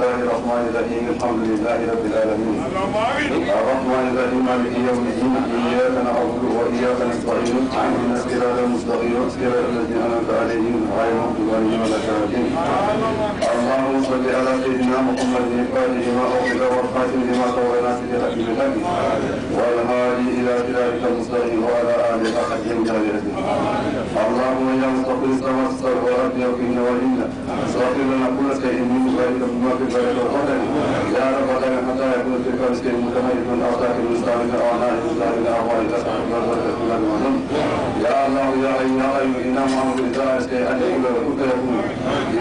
الله الرحمن الرحيم الحمد لله رب العالمين الرحمن الرحيم مالك يوم الدين اياك نعبد واياك نستعين اهدنا الصراط المستقيم صراط الذين انعمت عليهم غير المغضوب عليهم ولا الضالين اللهم صل على سيدنا محمد الفاتح لما اغفر والخاتم لما طولنا في الحق بالحق والهادي الى صراطك المستقيم وعلى اله حق جلاله اللهم يا مستقيم تمسك وابيض في نوالينا استغفر لنا كل شيء موفقا للقدر يا رب اجعل حتى يكون في فرسك المتميز من اوصاف المستعمل الاعمال المستعمل الاعمال تسعد مرضك كل المعلم يا الله يا حي يا قيوم انا معهم برسالتك ان يكون وكنت يكون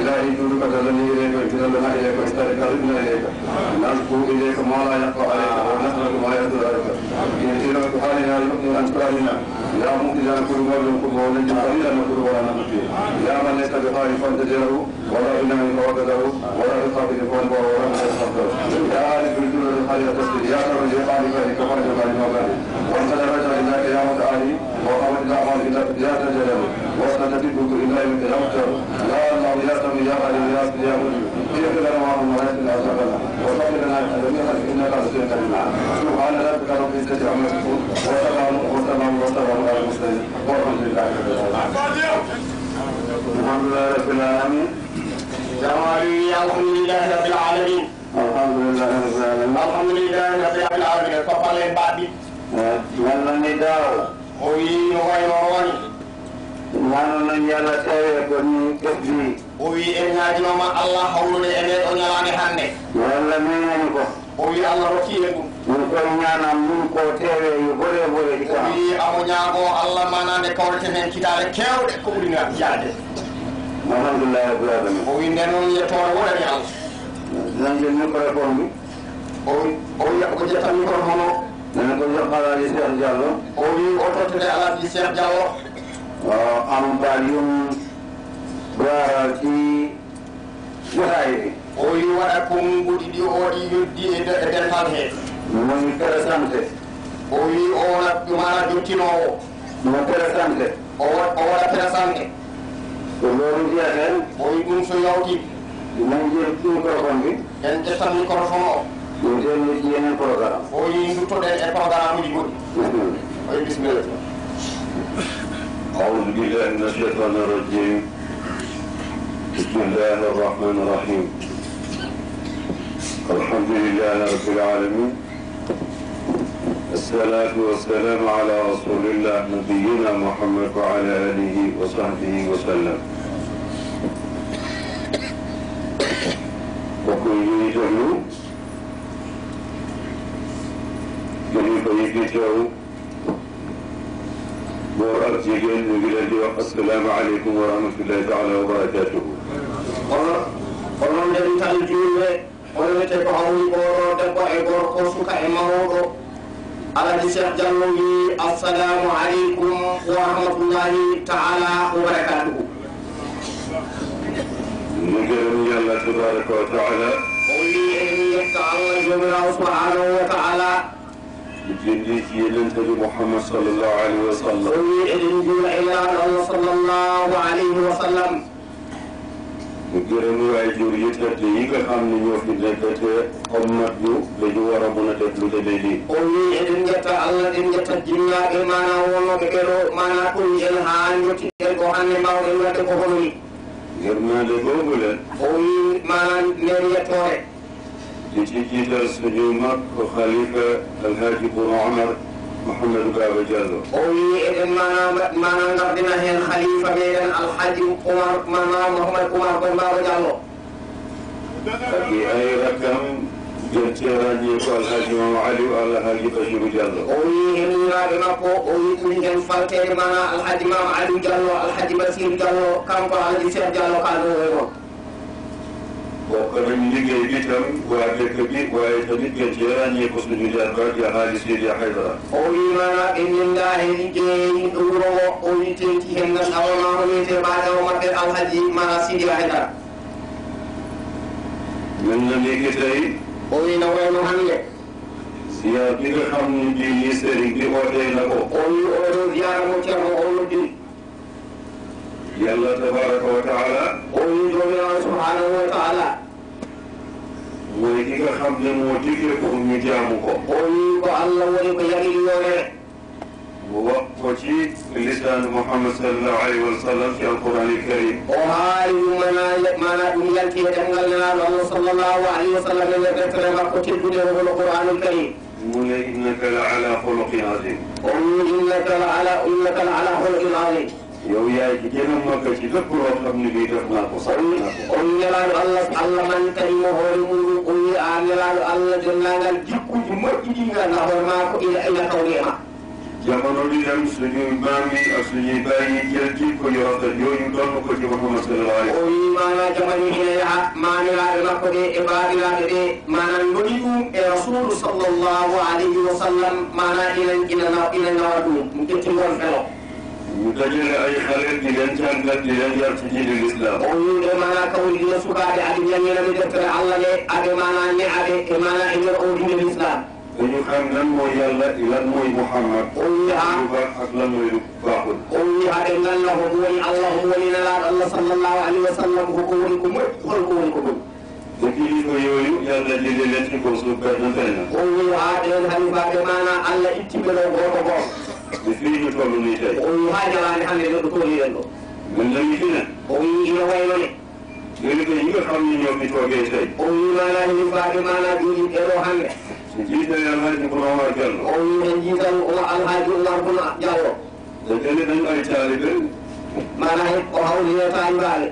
الهي جودك تزني اليك واجعل لنا اليك واسترك قربنا اليك نشكو اليك ما لا يقع عليك ونسالك ما يقدر عليك يسيرك حالنا يؤمن انصارنا يا مؤتي لنا كل مرض كل ولد قليلا نكون ولا نخفي يا من ليس بخائف فانت ولا غنى من فوقته الى تسجيل يا اكرم الى مال مالك كما جل مال مالك وانت لا رجع الا الى متعالي وقوم الى اعمال الا يا تجلل وانت تبيك الى يوم القيامه يا الله يا سمي يا علي يا يا كيف لنا وعن المرات العزبة وصف لنا جميعا انك سيدنا بنا سبحان ربك رب العزه عما يصفون وسلام وسلام وسلام على المرسلين والحمد لله رب العالمين الحمد لله رب العالمين جمال يا الحمد لله رب العالمين alhamdulillah rabbil alamin toppale baɗɗi wallani daw o wi no wayno woni nanono yalla tawi koni ɓeddi o wi en ñaajinoma allah hawlude e nden o ñalande hannde walla minani ko o wi allah rokki en ɗum min koye ñanam min ko tewe yo bore bore ɗi kam o wi amo ñaago allah manande kawreten hen kitale kewɗe ko ɓuuri yaade alhamdulillah rabbil alamin o wi nden noon yettore woɗani allah nande min ko reponde ko ƴettami kon hono nana ko yoɓɓalali cheikh diallo ko wi o tottude alaji cheikh diallo ano mbaliyum baraki jotaye o wi waɗa ko mbuɗi ɗi oɗi yoddi e dental he woni présente o wi o wona mana jottinowo ɗuma présente o waɗa présente ko lowru mbiya ten o wi ɗum so yawti nan jel ɗum korofon bi en ƴettan microphone o ɗum ɓe ƴiyanen programme o yi duttoɗen e programme uji goɗɗi أعوذ بالله من الشيطان الرجيم بسم الله الرحمن الرحيم الحمد لله رب العالمين الصلاة والسلام على رسول الله نبينا محمد وعلى آله وصحبه وسلم جيجاو ورأت جيجان وجلالي السلام عليكم ورحمة الله تعالى وبركاته قرن دن تان جيوه ولمت قهوي قرر دقاء قرقر سكع مرور على دسح جلوي السلام عليكم ورحمة الله تعالى وبركاته نجرني الله تبارك وتعالى قولي إني تعالى جميل سبحانه وتعالى يلنت محمد صلى الله عليه وسلم يلنت إلى الله صلى الله عليه وسلم ñu gërëm waaye jur yëkkate yi nga xam ne ñoo fi nekkate ommat yu dañu war a mën a def lu demee nii o wi eɗen jetta allah ɗen jetta jinnaɓe mana wonoɓe ɓeɗo mana ɗum en ha jottiɗen ko hande mbawɗen wadde ko hono ni yërmande googu len o wi mana nden yettore لجيجي درس بن عمر وخليفة الهاجي بن عمر محمد بابا جازو أوي إذن ما ما نقدم هي الخليفة بين الحاجي عمر ما محمد عمر بن بابا جازو في أي رقم راجي جرتيراني والحاج علي وقال هاجي بشير جالو أوي إن لا بمكو أوي إن جن فالتير ما الحاج علي جازو الحاجي بشير جازو كم قال الحاج جالو قالوا وكرم لقي بكم وعبدك وعبدك جيران يقص من جابات يا حالي سيدي يا حيدرا قولي ما إن الله إنجين أورو قولي تلتي هم نشعر ما رميت بعد ومكر أو هدي ما سيدي يا حيدرا من لم يكتري قولي نوين محمد سيادي الحمد يسري بأوتينكو قولي أورو زيارة مجرم أولو يلا تبارك وتعالى قولي hablemo digire ko ñu jaamu ko oyi ko allah woni ko yariyoore وفي لسان محمد صلى الله عليه وسلم في القرآن الكريم وهاي منا منا دم يلتي دنگلنا الله صلى الله عليه وسلم يذكر ما كتب له القرآن الكريم قل إنك لعلى خلق عظيم قل إنك لعلى إنك لعلى خلق عظيم yow yaay ki gën a màggal ci lépp loo xam ne bii def naa ko sax naa ko. kon ñelaalu allah allah man kadi mo hoore muɗum ɓoyi an ñelaalu allah denndaangal jikkuji moƴƴiɗi ngal nahoore maa ko ila ila tawde e ma jamono ɗi tan soñoy maami a soñoy bayi jalti ko yorata joni ɗon ko jogo muhammad sallallahu alaihi o wi mana jamani ene yaha mamiraɓe makko ɗe e babiraɓe ɗe manan goni ɗum e rasulu sallllahu alayhi wa sallam mana ina ina ina nawa ɗum ɗetti gon felo mutajir ay xale di leen jàngal di leen yar ci diine l'islam o wiide mana kawrine sukaaɓe ade ñañinami deftere allah ɗe ade mana ñaade e mana e nder o diine l'islam dañu xam lan mooy yàlla lan mooy muhammad o wi ha ak lan mooy lu baaxul o wi haɗe nganna ko ɗum woni allah ko woni nalaɗo allah sallllahu alayhi wa sallam koko woni ko moƴ holko woni ko ɗum kilifa yooyu yàlla jëlee leen ci ko suuf benn benn o wi ha ɗen halifaɓe mana allah ittiɓe ɗo goto goto مثليه مثل من نيسان وهاجر محمد بالقطول إلى الأرض من لميسنا وإلى ويلونه Gẹ́gẹ́ yìí kan ní yọ̀ nípa ọgbẹ́ ẹsẹ̀. Oyún máa náà ní báyìí máa náà di ẹ̀rọ hàmẹ̀. Jíjẹ alhaji kúrò wá jẹun. Oyún ẹ̀jíjẹ alhaji ńlá kúrò jẹun. Lẹ́tẹ̀lẹ́ náà ń ka ìtàlẹ́ bẹ́ẹ̀. معناه وهولية عن بالي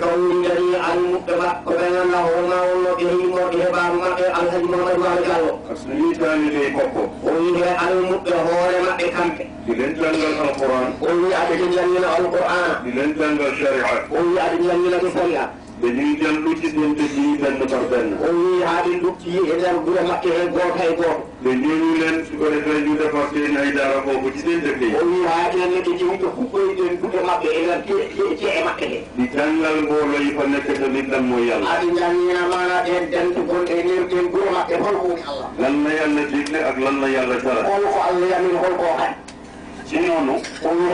كون جدي المتبع وبين الله وما ولده وده بار ما الحج محمد مالك الله أصلي تاني لي كوكو ويه المتبع هو ما إكمك دلن تنجل القرآن ويه أدلن لنا القرآن دلن تنجل الشريعة ويه أدلن لنا الشريعة dañuy dellu ci dente ji benn par benn. oui haali lukki e nder gure maɓɓe he gooto hay gooto. ɓe ñooñu leen su ko defee ñu defar seen ay daara foofu ci dente bi. oui haa ɗen neɗɗo jimi ɓe huɓɓoyɗen duɓe maɓɓe e nder ceeɗe e maɓɓe ɗe. ɗi janngal mboolo yi fa nekk tamit lan mooy yàlla. aɗa janngiina maana ɗen dente gonɗe e nder ɗen gure maɓɓe holko woni allah. lan la yàlla digle ak lan la yàlla sara. holko allah yamin holko kadi. ci noonu.